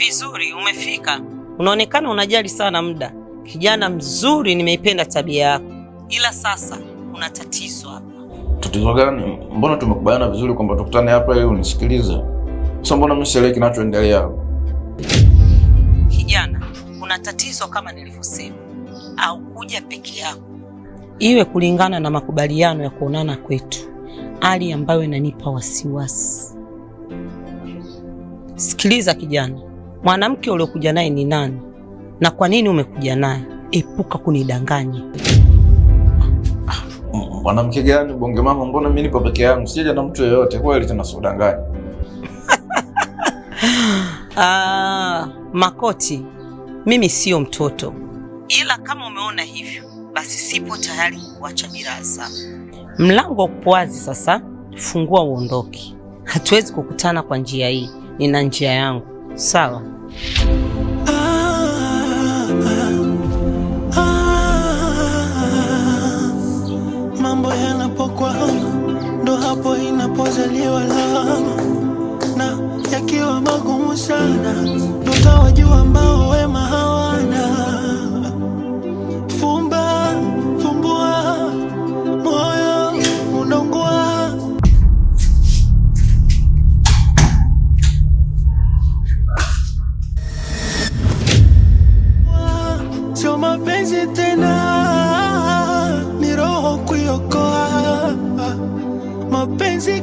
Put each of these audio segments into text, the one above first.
Vizuri, umefika. Unaonekana unajali sana muda. Kijana mzuri, nimeipenda tabia yako, ila sasa kuna tatizo hapa. Tatizo gani? Mbona tumekubaliana vizuri kwamba tukutane hapa ili unisikilize. Sasa mbona mimi sielewi kinachoendelea hapa? Kijana, kuna tatizo kama nilivyosema, au kuja peke yako iwe kulingana na makubaliano ya kuonana kwetu, hali ambayo inanipa wasiwasi. Sikiliza kijana, mwanamke uliokuja naye ni nani na kwa nini umekuja naye? Epuka kunidanganya. Mwanamke gani bonge mama? Mbona mimi nipo peke yangu, sijaja na mtu yeyote. Kweli tena sudanganya. Ah, Makoti, mimi siyo mtoto, ila kama umeona hivyo basi sipo tayari kuacha mirasa. Mlango uko wazi sasa, fungua uondoke. Hatuwezi kukutana kwa njia hii, nina njia yangu. Sawa. Mambo yanapokwama ndo hapo inapozaliwa lawama, na yakiwa magumu sana ndo tawajua ambao wema hao mapenzi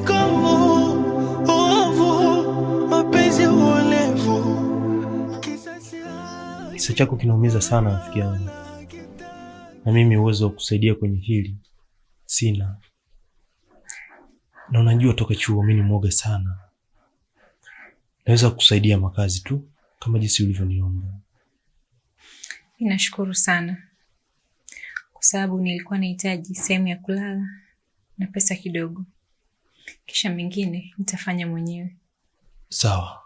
ovu, mapenzi uolevu. Kisa chako kinaumiza sana rafiki yangu, na mimi uwezo wa kusaidia kwenye hili sina, na unajua toka chuo mimi ni mwoga sana. Naweza kusaidia makazi tu kama jinsi ulivyoniomba. Ninashukuru sana kwa sababu nilikuwa nahitaji sehemu ya kulala na pesa kidogo kisha mengine nitafanya mwenyewe. Sawa,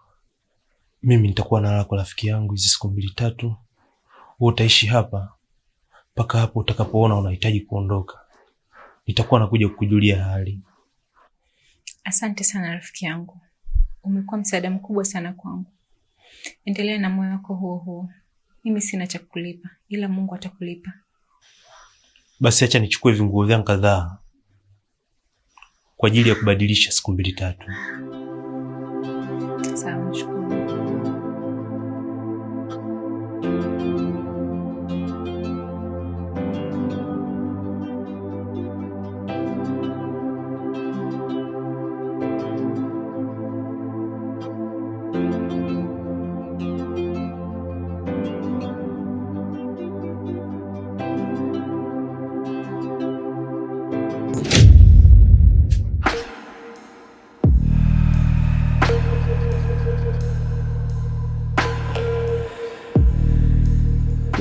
mimi nitakuwa na kwa rafiki yangu hizi siku mbili tatu, wewe utaishi hapa mpaka hapo utakapoona unahitaji kuondoka. Nitakuwa nakuja kukujulia hali. Asante sana rafiki yangu, umekuwa msaada mkubwa sana kwangu. Endelea na moyo wako huo huo. Mimi sina cha kukulipa, ila Mungu atakulipa. Basi acha nichukue vinguo vyangu kadhaa kwa ajili ya kubadilisha siku mbili tatu. Sawa, nashukuru.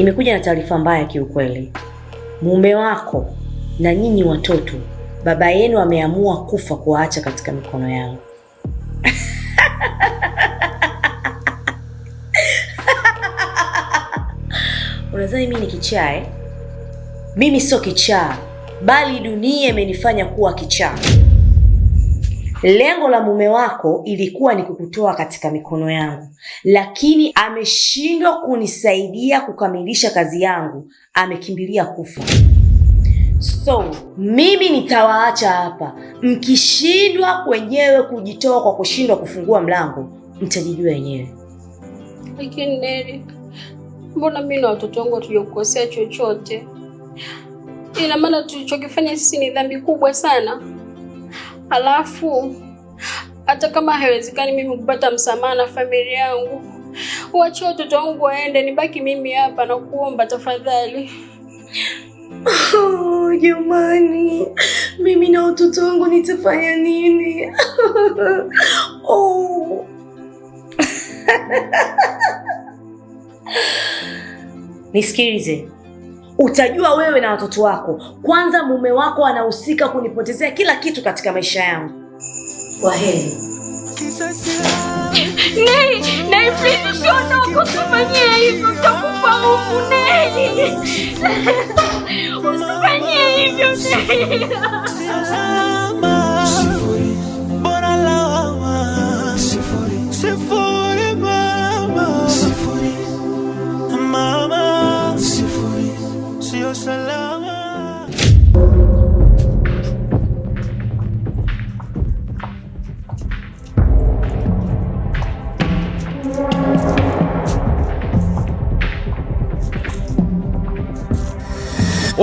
Nimekuja na taarifa mbaya kiukweli. Mume wako na nyinyi watoto, baba yenu ameamua kufa kuwaacha katika mikono yangu. Unadhani mimi ni kichaa eh? Mimi sio kichaa, bali dunia imenifanya kuwa kichaa lengo la mume wako ilikuwa ni kukutoa katika mikono yangu, lakini ameshindwa kunisaidia kukamilisha kazi yangu, amekimbilia kufa. So mimi nitawaacha hapa, mkishindwa wenyewe kujitoa kwa kushindwa kufungua mlango, mtajijua wenyewe. Lakini mbona mimi na watoto wangu hatujakukosea chochote? Ina maana tulichokifanya sisi ni dhambi kubwa sana. Halafu hata kama haiwezekani mimi kupata msamaha na familia yangu, uachie watoto wangu waende, nibaki mimi hapa na kuomba tafadhali. Oh, jamani, mimi na watoto wangu nitafanya nini? Oh. Nisikilize utajua wewe na watoto wako. Kwanza mume wako anahusika kunipotezea kila kitu katika maisha yangu. Kwa heri. Nei, Nei, please hivyo, utakufa huku Nei. Usifanyie hivyo Nei.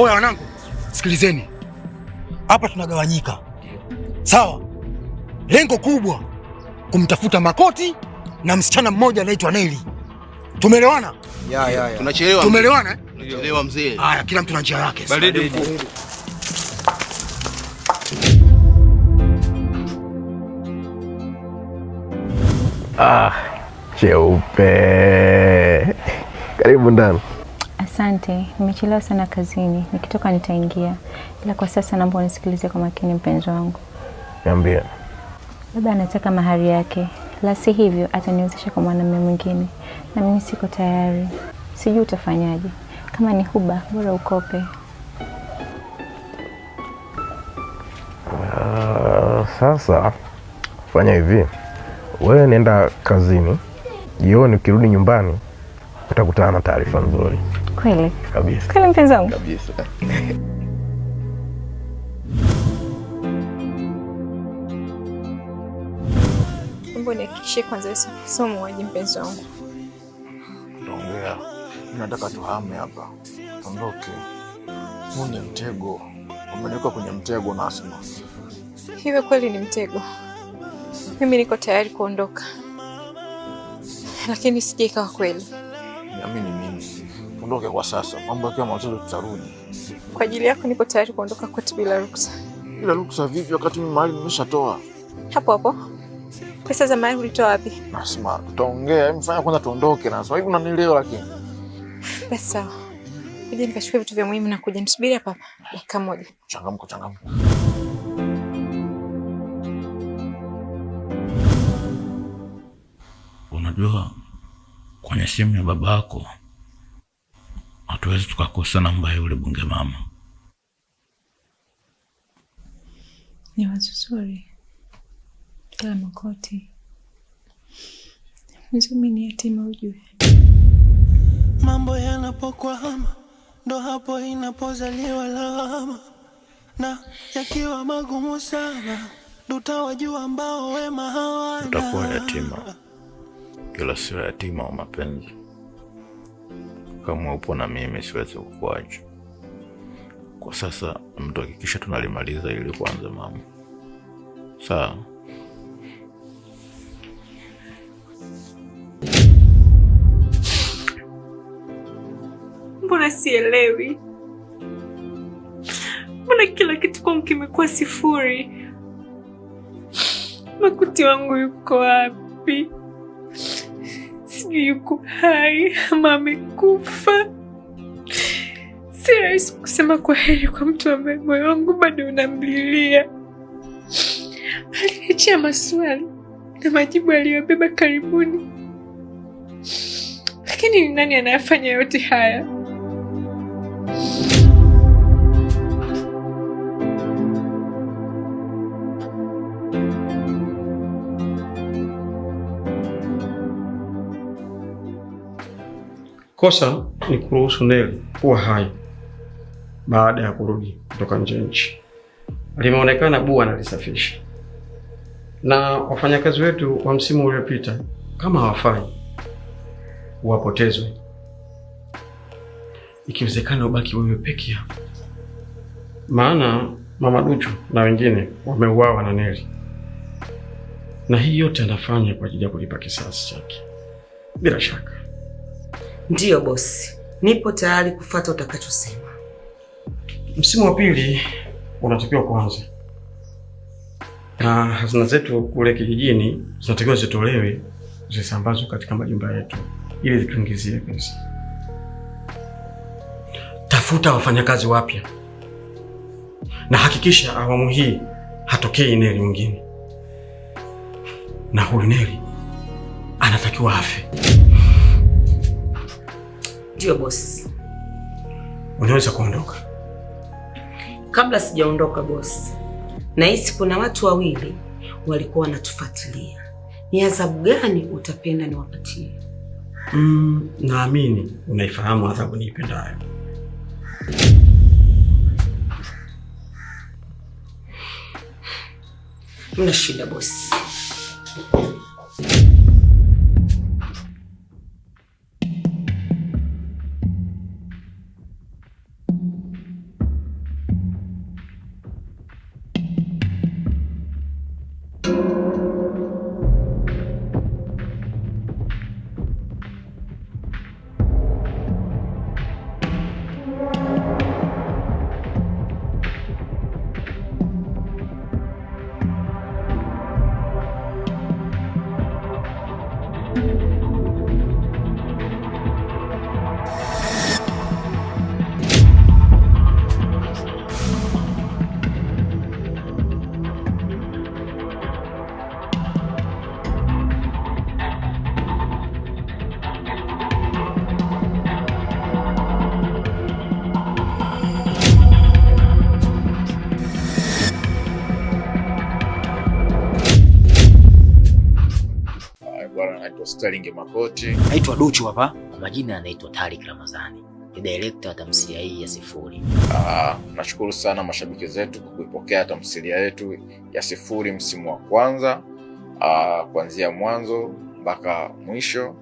Oya wanangu, sikilizeni hapa, tunagawanyika sawa. Lengo kubwa kumtafuta Makoti na msichana mmoja anaitwa Neli. Tumeelewana? ya, ya, ya. Tunachelewa. Tumeelewana? Eh? Tunachelewa mzee. Haya, kila mtu na njia yake. Baridi. Ah, cheupe. Karibu ndani. Asante, nimechelewa sana kazini, nikitoka nitaingia, ila kwa sasa naomba unisikilize kwa makini, mpenzi wangu. Niambie. Baba anataka mahari yake, la si hivyo ataniwezesha kwa mwanamume mwingine, na mimi siko tayari. Sijui utafanyaje. Kama ni huba, bora ukope. Ah, sasa fanya hivi, wewe nenda kazini, jioni ukirudi nyumbani utakutana na taarifa nzuri kweli kabisa, kweli mpenzi wangu kabisa. Nihakikishie kwanza sio muuaji, mpenzi wangu. Ongea, nataka tuhame hapa, tondoke. Huu ni mtego, umeniweka kwenye mtego. Nasma, Hiyo kweli ni mtego. Mimi niko tayari kuondoka, lakini sije ikawa kweli niamini mimi, ondoke kwa sasa, mambo yakiwa mazuri tutarudi. Kwa ajili yako niko tayari kuondoka kwetu bila ruksa. Bila ruksa vipi, wakati mimi mali nimeshatoa hapo hapo? Pesa za mali ulitoa wapi? Nasema tutaongea, mfanya kwanza tuondoke. Nasema hivi, unanielewa? Lakini pesa kuja nikachukua vitu vya muhimu na kuja nisubiri hapa dakika moja. Changamko, changamko. Unajua kwenye simu ya baba yako, hatuwezi tukakosa namba ya yule bunge mama. Ni wazo zuri Makoti. Mzumi ni yatima, ujue mambo yanapokwama ndo hapo inapozaliwa lawama, na yakiwa magumu sana tutawajua ambao wema hawana, utakuwa yatima ila sio yatima wa mapenzi. Kama upo na mimi siwezi kukuacha kwa sasa. Mtu hakikisha tunalimaliza ili kuanza mambo sawa. Mbona sielewi? Mbona kila kitu kwangu kimekuwa sifuri? Makuti wangu yuko wapi? sijui yuko hai ama amekufa. Si rahisi kusema kwa heri kwa mtu ambaye moyo wangu bado unamlilia. Aliniachia maswali na majibu aliyobeba karibuni, lakini ni nani anayafanya yote haya? Kosa ni kuruhusu Neli kuwa hai baada ya kurudi kutoka nje nchi. Limeonekana bua analisafisha, na wafanyakazi wetu wa msimu uliopita kama hawafai wapotezwe, ikiwezekana ubaki wewe peke yako, maana Mama Duchu na wengine wameuawa na Neli, na hii yote anafanya kwa ajili ya kulipa kisasi chake bila shaka. Ndiyo bosi, nipo tayari kufuata utakachosema. Msimu wa pili unatakiwa kuanza na hazina zetu kule kijijini zinatakiwa zitolewe, zisambazwe katika majumba yetu ili zituingizie pesa. Tafuta wafanyakazi wapya na hakikisha awamu hii hatokei Neli mwingine, na huyu Neli anatakiwa afe. Ndio bosi. Unaweza kuondoka. Kabla sijaondoka bosi, nahisi kuna watu wawili walikuwa wanatufuatilia. Ni adhabu gani utapenda niwapatie? Mm, naamini unaifahamu adhabu niipendayo. Mna shida bosi. Sterling Makoti. Naitwa Duchu hapa, kwa majina anaitwa Tariq Ramadhani, ni director wa tamthilia hii ya Sifuri. Ah, nashukuru sana mashabiki zetu kwa kuipokea tamthilia yetu ya Sifuri msimu wa kwanza, ah, kuanzia mwanzo mpaka mwisho.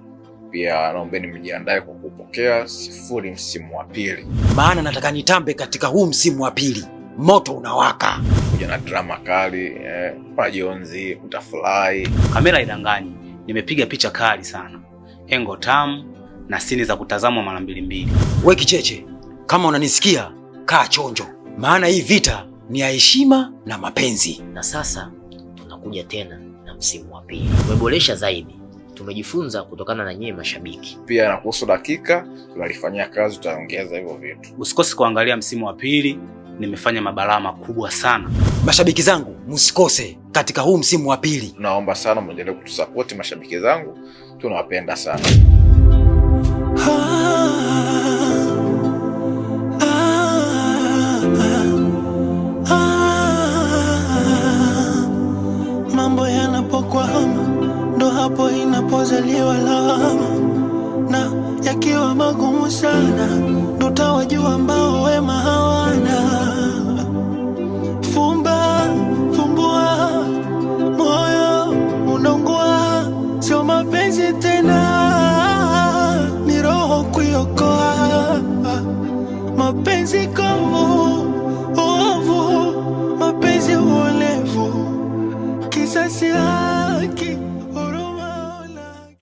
Pia naombeni mjiandae kwa kupokea Sifuri msimu wa pili, maana nataka nitambe katika huu msimu wa pili, moto unawaka kuja na drama kali eh, majonzi, utafurahi. Kamera idanganyi nimepiga picha kali sana, engo tamu na sini za kutazamwa mara mbili mbili. We kicheche, kama unanisikia kaa chonjo, maana hii vita ni ya heshima na mapenzi. Na sasa tunakuja tena na msimu wa pili tumeboresha zaidi, tumejifunza kutokana na nyie mashabiki pia. Na kuhusu dakika tunalifanyia kazi, tutaongeza hivyo vitu. Usikose kuangalia msimu wa pili nimefanya mabalaa makubwa sana. Mashabiki zangu msikose katika huu msimu wa pili, naomba sana mwendelee kutusapoti mashabiki zangu, tunawapenda sana. Mambo yanapokwama ndo hapo inapozaliwa lawama, na yakiwa magumu sana